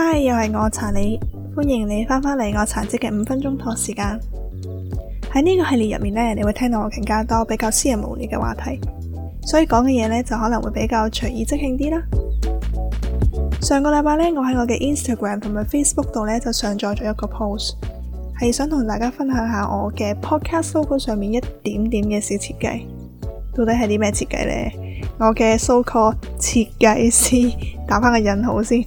嗨，Hi, 又係我查理，歡迎你返返嚟我查積嘅五分鐘托時間。喺呢個系列入面咧，你會聽到我更加多比較私人、無聊嘅話題，所以講嘅嘢呢就可能會比較隨意、即興啲啦。上個禮拜呢，我喺我嘅 Instagram 同埋 Facebook 度呢就上載咗一個 post，係想同大家分享下我嘅 Podcast Logo 上面一點點嘅小設計，到底係啲咩設計呢？我嘅 so-called 設計師，打翻個引號先。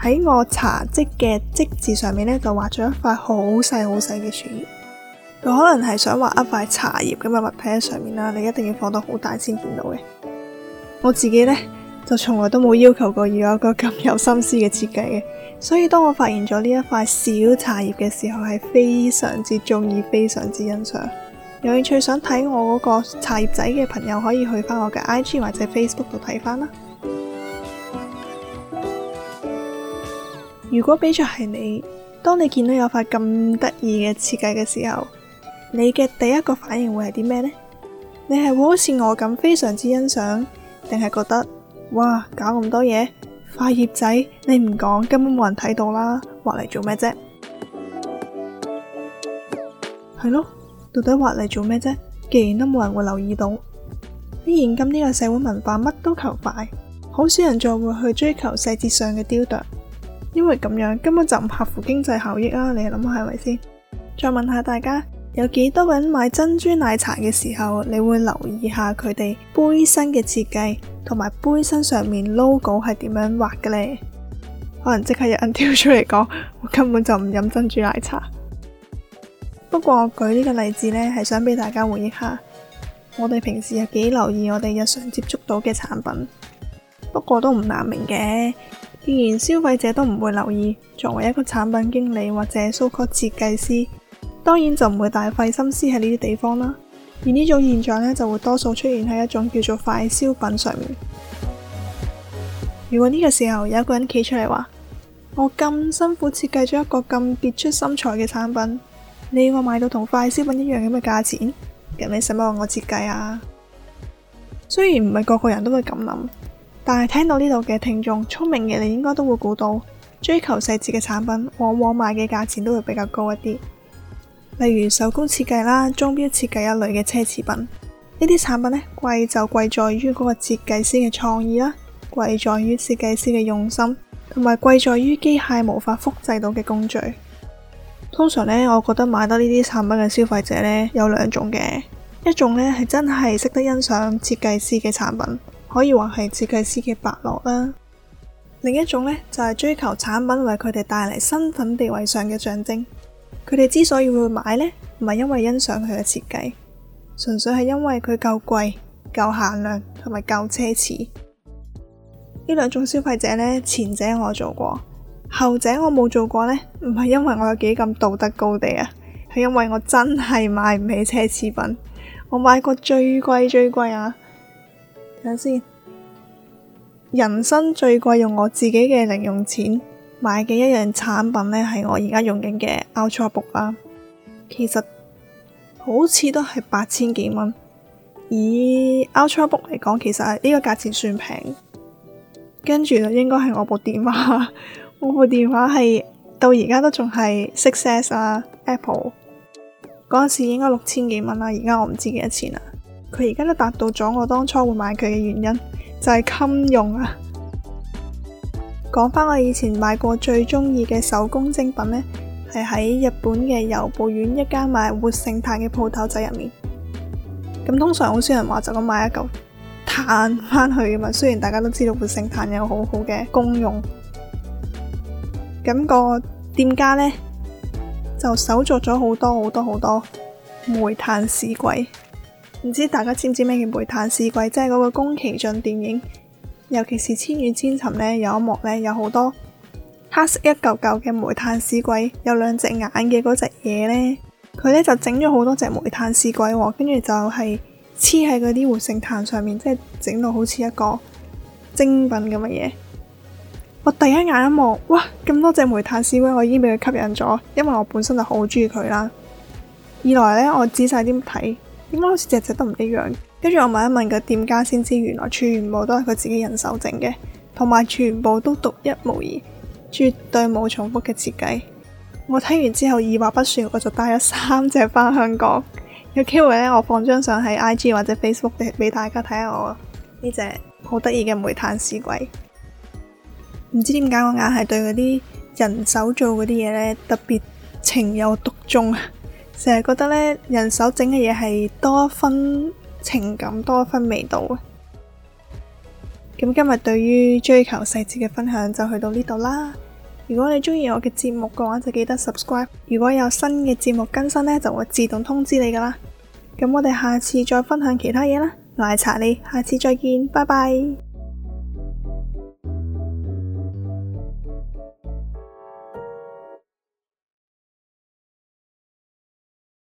喺我茶漬嘅漬字上面呢，就畫咗一塊好細好細嘅樹葉。佢可能係想畫一塊茶葉咁嘅物體喺上面啦，你一定要放到好大先見到嘅。我自己呢，就從來都冇要求過要有一個咁有心思嘅設計嘅，所以當我發現咗呢一塊小茶葉嘅時候，係非常之中意，非常之欣賞。有興趣想睇我嗰個茶葉仔嘅朋友，可以去翻我嘅 IG 或者 Facebook 度睇翻啦。如果比着係你，當你見到有塊咁得意嘅設計嘅時候，你嘅第一個反應會係啲咩呢？你係會好似我咁非常之欣賞，定係覺得哇搞咁多嘢塊葉仔？你唔講根本冇人睇到啦，畫嚟做咩啫？係咯，到底畫嚟做咩啫？既然都冇人會留意到，喺現今呢個社會文化乜都求快，好少人再會去追求細節上嘅雕琢。因為咁樣根本就唔合乎經濟效益啦，你諗下係咪先？再問下大家，有幾多人買珍珠奶茶嘅時候，你會留意下佢哋杯身嘅設計，同埋杯身上面 logo 係點樣畫嘅呢？可能即刻有人跳出嚟講，我根本就唔飲珍珠奶茶。不過我舉呢個例子呢，係想俾大家回憶下，我哋平時有幾留意我哋日常接觸到嘅產品，不過都唔難明嘅。既然消費者都唔會留意，作為一個產品經理或者 soucope 設計師，當然就唔會大費心思喺呢啲地方啦。而呢種現象呢，就會多數出現喺一種叫做快消品上面。如果呢個時候有一個人企出嚟話：我咁辛苦設計咗一個咁別出心裁嘅產品，你要我賣到同快消品一樣咁嘅價錢，咁你使乜使我設計啊？雖然唔係個個人都會咁諗。但係聽到呢度嘅聽眾，聰明嘅你應該都會估到，追求細節嘅產品，往往買嘅價錢都會比較高一啲。例如手工設計啦、鐘表設計一類嘅奢侈品，呢啲產品呢，貴就貴在於嗰個設計師嘅創意啦，貴在於設計師嘅用心，同埋貴在於機械無法複製到嘅工序。通常呢，我覺得買得呢啲產品嘅消費者呢，有兩種嘅，一種呢，係真係識得欣賞設計師嘅產品。可以話係設計師嘅伯樂啦。另一種呢，就係、是、追求產品為佢哋帶嚟身份地位上嘅象徵。佢哋之所以會買呢，唔係因為欣賞佢嘅設計，純粹係因為佢夠貴、夠限量同埋夠奢侈。呢兩種消費者呢，前者我做過，後者我冇做過呢，唔係因為我有幾咁道德高地啊，係因為我真係買唔起奢侈品。我買過最貴最貴啊！睇下先，人生最貴用我自己嘅零用錢買嘅一樣產品咧，係我而家用緊嘅 Ultrabook 啦。其實好似都係八千幾蚊。以 Ultrabook 嚟講，其實係呢個價錢算平。跟住就應該係我部電話， 我部電話係到而家都仲係 6S 啊 Apple 6。嗰陣時應該六千幾蚊啦，而家我唔知幾多錢啦。佢而家都達到咗我當初會買佢嘅原因，就係、是、襟用啊！講 翻我以前買過最中意嘅手工精品呢，係喺日本嘅由布院一家賣活性炭嘅鋪頭仔入面。咁通常好少人話就咁買一嚿炭翻去嘅嘛，雖然大家都知道活性炭有好好嘅功用。咁、那個店家呢，就手作咗好多好多好多煤炭屎鬼。唔知大家知唔知咩叫煤炭屎鬼？即係嗰個宮崎駿電影，尤其是《千與千尋》呢，有一幕呢，有好多黑色一嚿嚿嘅煤炭屎鬼，有兩隻眼嘅嗰隻嘢呢。佢呢就整咗好多隻煤炭屎鬼，跟住就係黐喺嗰啲活性炭上面，即係整到好似一個精品咁嘅嘢。我第一眼一望，哇，咁多隻煤炭屎鬼，我已經俾佢吸引咗，因為我本身就好中意佢啦。二來呢，我仔細啲睇。點解好似隻只都唔一樣？跟住我問一問個店家先知，原來全部都係佢自己人手整嘅，同埋全部都獨一無二，絕對冇重複嘅設計。我睇完之後二話不說，我就帶咗三隻返香港。有機會呢，我放張相喺 IG 或者 Facebook 俾大家睇下我呢隻好得意嘅煤炭屎鬼，唔知點解我硬係對嗰啲人手做嗰啲嘢呢特別情有獨鍾。成日覺得呢人手整嘅嘢係多一分情感，多一分味道。咁今日對於追求細節嘅分享就去到呢度啦。如果你中意我嘅節目嘅話，就記得 subscribe。如果有新嘅節目更新呢，就會自動通知你噶啦。咁我哋下次再分享其他嘢啦。奶茶你，你下次再見，拜拜。